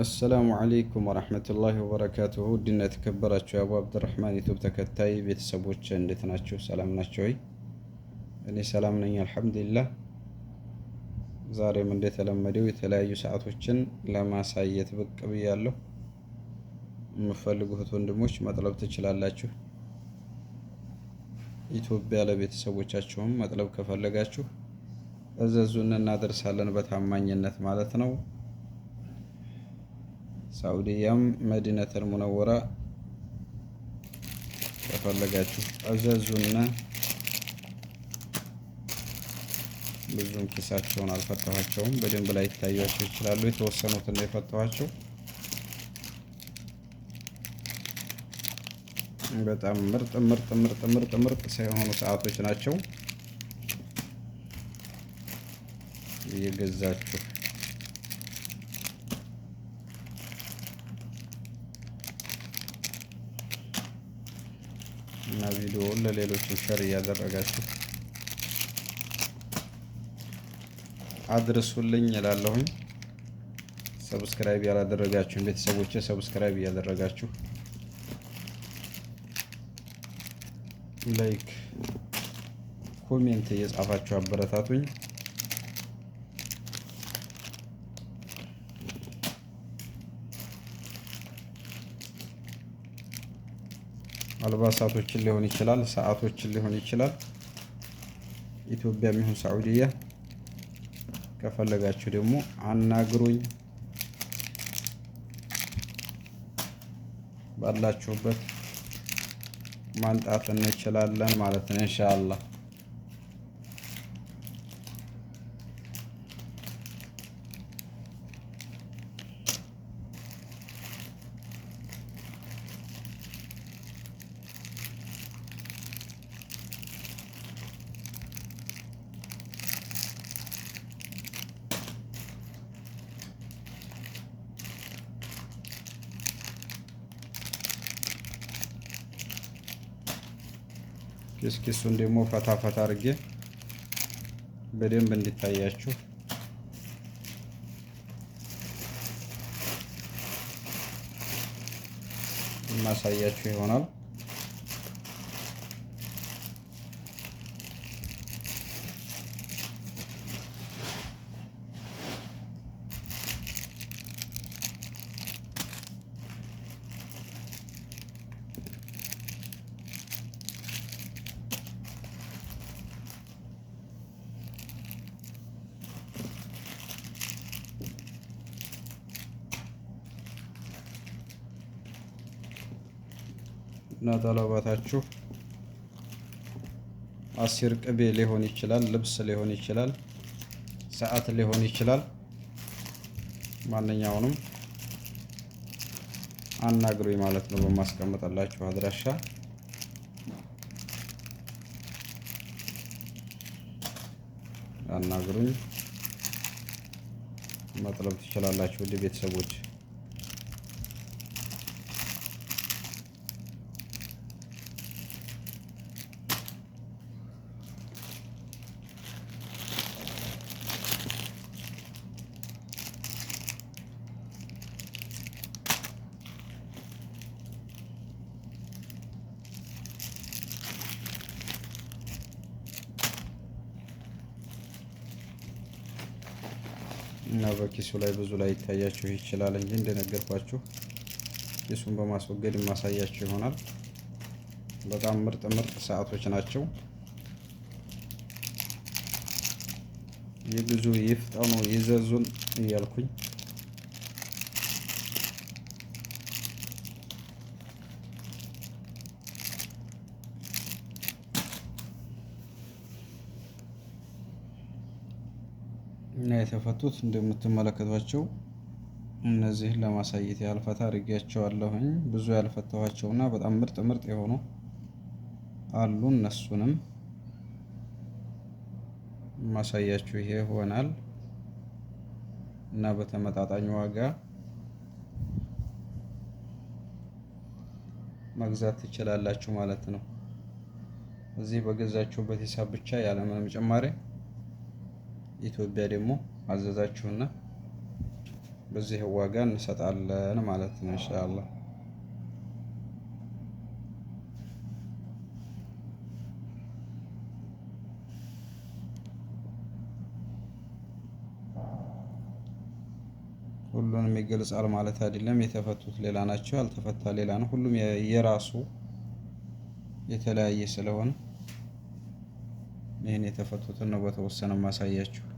አሰላሙ አለይኩም ወረህመቱላሂ ወበረካቱሁ። ውድና የተከበራችሁ የአቡ አብድራህማን ዩቱብ ተከታይ ቤተሰቦች እንዴት ናችሁ? ሰላም ናቸው ወይ? እኔ ሰላም ነኝ አልሐምዱሊላህ። ዛሬም እንደተለመደው የተለያዩ ሰዓቶችን ለማሳየት ብቅ ብያለሁ። የምፈልጉት ወንድሞች መጥለብ ትችላላችሁ። ኢትዮጵያ ለቤተሰቦቻችሁም መጥለብ ከፈለጋችሁ እዘዙን እናደርሳለን በታማኝነት ማለት ነው። ሳውዲያም መዲነተል ሙነወራ ከፈለጋችሁ አዘዙና ብዙም ኪሳቸውን አልፈታኋቸውም። በደንብ ላይ ይታያቸው ይችላሉ። የተወሰኑት ነው የፈታኋቸው። በጣም ምርጥ ምርጥ ምርጥ ምርጥ ምርጥ ሳይሆኑ ሰዓቶች ናቸው እየገዛችሁ ቪዲዮውን ለሌሎችም ሸር እያደረጋችሁ አድርሱልኝ እላለሁኝ። ሰብስክራይብ ያላደረጋችሁን ቤተሰቦች ሰብስክራይብ እያደረጋችሁ ላይክ ኮሜንት እየጻፋችሁ አበረታቱኝ። አልባሳቶችን ሊሆን ይችላል፣ ሰዓቶችን ሊሆን ይችላል። ኢትዮጵያ የሚሆን ሳዑዲያ ከፈለጋችሁ ደግሞ አናግሩኝ። ባላችሁበት ማንጣት እንችላለን ማለት ነው ኢንሻአላህ። ኪስኪሱን ደግሞ ፈታ ፈታ አድርጌ በደንብ እንዲታያችሁ የማሳያችሁ ይሆናል። እናት አለባታችሁ አሲር ቅቤ ሊሆን ይችላል፣ ልብስ ሊሆን ይችላል፣ ሰዓት ሊሆን ይችላል። ማንኛውንም አናግሩኝ ማለት ነው በማስቀመጠላችሁ አድራሻ አናግሩኝ መጥለብ ትችላላችሁ ውድ ቤተሰቦች። እና በኪሱ ላይ ብዙ ላይ ይታያችሁ ይችላል እንጂ እንደነገርኳችሁ ኪሱን በማስወገድ የማሳያችሁ ይሆናል። በጣም ምርጥ ምርጥ ሰዓቶች ናቸው። ብዙ ይፍጠኑ፣ ይዘዙን እያልኩኝ እና የተፈቱት እንደምትመለከቷቸው እነዚህን ለማሳየት ያልፈታ አድርጌያቸዋለሁኝ። ብዙ ያልፈታኋቸው እና በጣም ምርጥ ምርጥ የሆኑ አሉ። እነሱንም ማሳያችሁ ይሄ ይሆናል እና በተመጣጣኝ ዋጋ መግዛት ትችላላችሁ ማለት ነው። እዚህ በገዛችሁበት ሂሳብ ብቻ ያለምንም ጭማሬ ኢትዮጵያ ደግሞ አዘዛችሁና በዚህ ዋጋ እንሰጣለን ማለት ነው ኢንሻአላህ። ሁሉንም ይገልጻል ማለት አይደለም። የተፈቱት ሌላ ናቸው፣ ያልተፈታ ሌላ ነው። ሁሉም የራሱ የተለያየ ስለሆነ ይህን የተፈቱትን ነው በተወሰነ ማሳያችሁ።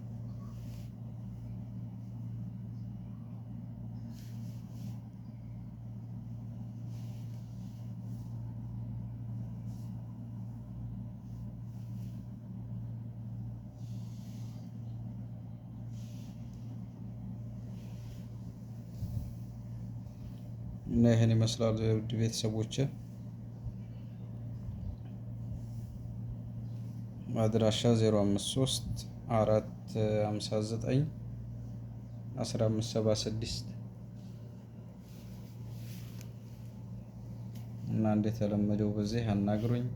እና ይህን ይመስላል ውድ ቤተሰቦች። አድራሻ 053 459 1576 እና እንደተለመደው በዚህ አናግሩኝ።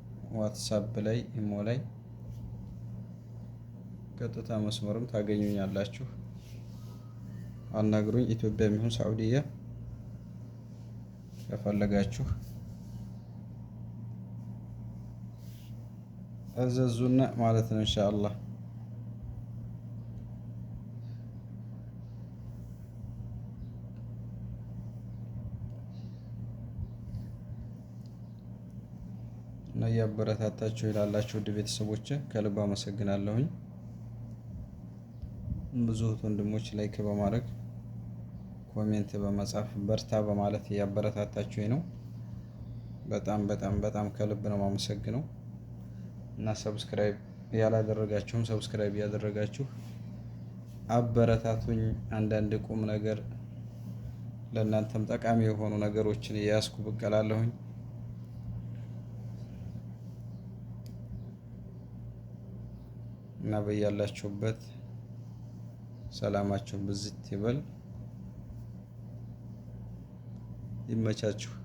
ዋትሳፕ ላይ ኢሞ ላይ ቀጥታ መስመርም ታገኙኛላችሁ። አናግሩኝ። ኢትዮጵያ የሚሆን ሳዑዲያ ከፈለጋችሁ እዘዙነ ማለት ነው። ኢንሻአላህ እና እያበረታታችሁ ይላላችሁ ውድ ቤተሰቦች ከልብ አመሰግናለሁኝ። ብዙ ወንድሞች ላይክ በማድረግ ኮሜንት በመጻፍ በርታ በማለት እያበረታታችሁኝ ነው። በጣም በጣም በጣም ከልብ ነው የማመሰግነው እና ሰብስክራይብ ያላደረጋችሁም ሰብስክራይብ ያደረጋችሁ አበረታቱኝ። አንዳንድ ቁም ነገር ለእናንተም ጠቃሚ የሆኑ ነገሮችን እያያዝኩ ብቅ እላለሁኝ። እና በያላችሁበት ሰላማችሁ ብዝት ይበል። ይመቻችሁ።